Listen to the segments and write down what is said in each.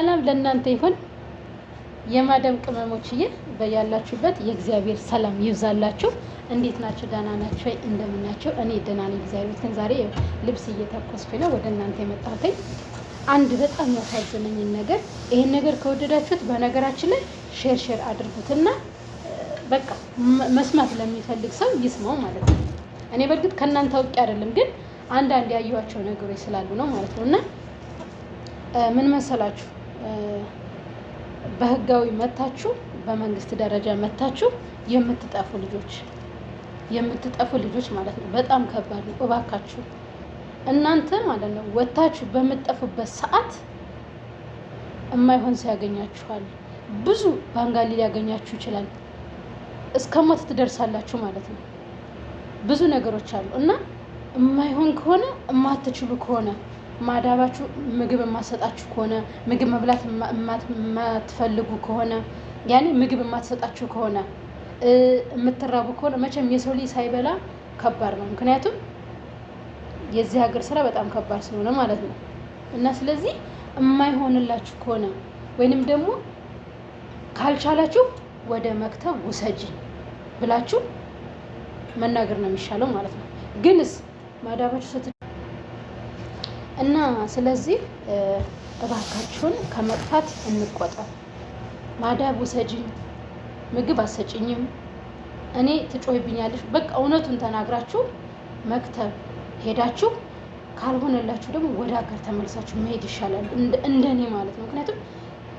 ሰላም ለእናንተ ይሁን። ቅመሞች ቅመሞችዬ በያላችሁበት የእግዚአብሔር ሰላም ይብዛላችሁ። እንዴት ናቸው ደህና ናቸው ወይ? እኔ ደህና ነኝ እግዚአብሔር ይመስገን። ዛሬ ልብስ እየተኮስኩ ነው ወደ እናንተ የመጣሁት። አንድ በጣም ያሳዘነኝን ነገር ይህን ነገር ከወደዳችሁት በነገራችን ላይ ሼር ሼር አድርጉትና በቃ መስማት ለሚፈልግ ሰው ይስማው ማለት ነው። እኔ በእርግጥ ከእናንተ አውቄ አይደለም፣ ግን አንዳንድ ያየኋቸው ነገሮች ስላሉ ነው ማለት ነው እና ምን መሰላችሁ በህጋዊ መታችሁ በመንግስት ደረጃ መታችሁ የምትጠፉ ልጆች የምትጠፉ ልጆች ማለት ነው። በጣም ከባድ ነው። እባካችሁ እናንተ ማለት ነው ወታችሁ በምትጠፉበት ሰዓት የማይሆን ሰው ያገኛችኋል። ብዙ ባንጋሊ ሊያገኛችሁ ይችላል። እስከ ሞት ትደርሳላችሁ ማለት ነው። ብዙ ነገሮች አሉ እና የማይሆን ከሆነ የማትችሉ ከሆነ ማዳባችሁ ምግብ የማትሰጣችሁ ከሆነ ምግብ መብላት የማትፈልጉ ከሆነ ያኔ ምግብ የማትሰጣችሁ ከሆነ የምትራቡ ከሆነ መቼም የሰው ልጅ ሳይበላ ከባድ ነው። ምክንያቱም የዚህ ሀገር ስራ በጣም ከባድ ስለሆነ ማለት ነው። እና ስለዚህ የማይሆንላችሁ ከሆነ ወይንም ደግሞ ካልቻላችሁ ወደ መክተብ ውሰጂ ብላችሁ መናገር ነው የሚሻለው ማለት ነው። ግንስ ማዳባችሁ እና ስለዚህ እባካችሁን ከመጥፋት እንቆጠብ። ማዳብ ውሰጅኝ፣ ምግብ አሰጭኝም፣ እኔ ትጮይብኛለሽ። በቃ እውነቱን ተናግራችሁ መክተብ ሄዳችሁ ካልሆነላችሁ ደግሞ ወደ ሀገር ተመልሳችሁ መሄድ ይሻላል፣ እንደኔ ማለት ነው። ምክንያቱም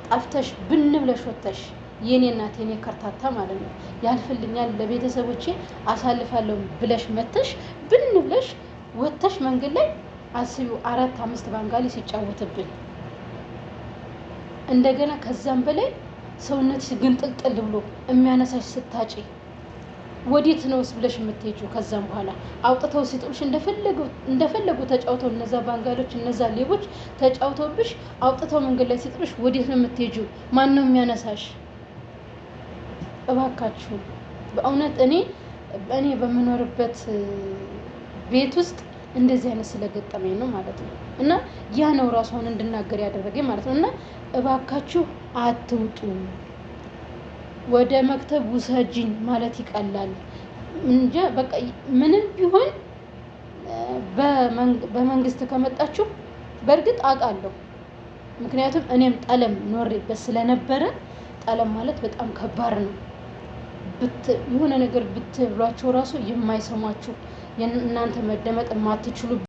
ጠፍተሽ ብን ብለሽ ወጥተሽ የኔ እናት የኔ ከርታታ ማለት ነው ያልፍልኛል፣ ለቤተሰቦቼ አሳልፋለሁ ብለሽ መተሽ ብን ብለሽ ወጥተሽ መንገድ ላይ አስቢው አራት አምስት ባንጋሊ ሲጫወትብን እንደገና ከዛም በላይ ሰውነትሽ ግንጥልጥል ብሎ የሚያነሳሽ ስታጪ ወዴት ነውስ ብለሽ የምትሄጂው? ከዛም በኋላ አውጥተው ሲጥሉሽ እንደፈለጉ ተጫውተው እነዛ ባንጋሎች እነዛ ሌቦች ተጫውተውብሽ አውጥተው መንገድ ላይ ሲጥሉሽ ወዴት ነው የምትሄጂው? ማን ነው የሚያነሳሽ? እባካችሁ በእውነት እኔ እኔ በምኖርበት ቤት ውስጥ እንደዚህ አይነት ስለገጠመኝ ነው ማለት ነው። እና ያ ነው አሁን እንድናገር ያደረገኝ ማለት ነው። እና እባካችሁ አትውጡ፣ ወደ መክተብ ውሰጅኝ ማለት ይቀላል። እንጃ በቃ ምንም ቢሆን በመንግስት ከመጣችሁ በእርግጥ አውቃለሁ። ምክንያቱም እኔም ጠለም ኖሬበት ስለነበረ ጠለም ማለት በጣም ከባድ ነው። የሆነ ነገር ብትብሏቸው ራሱ የማይሰሟችሁ እናንተ መደመጥ የማትችሉ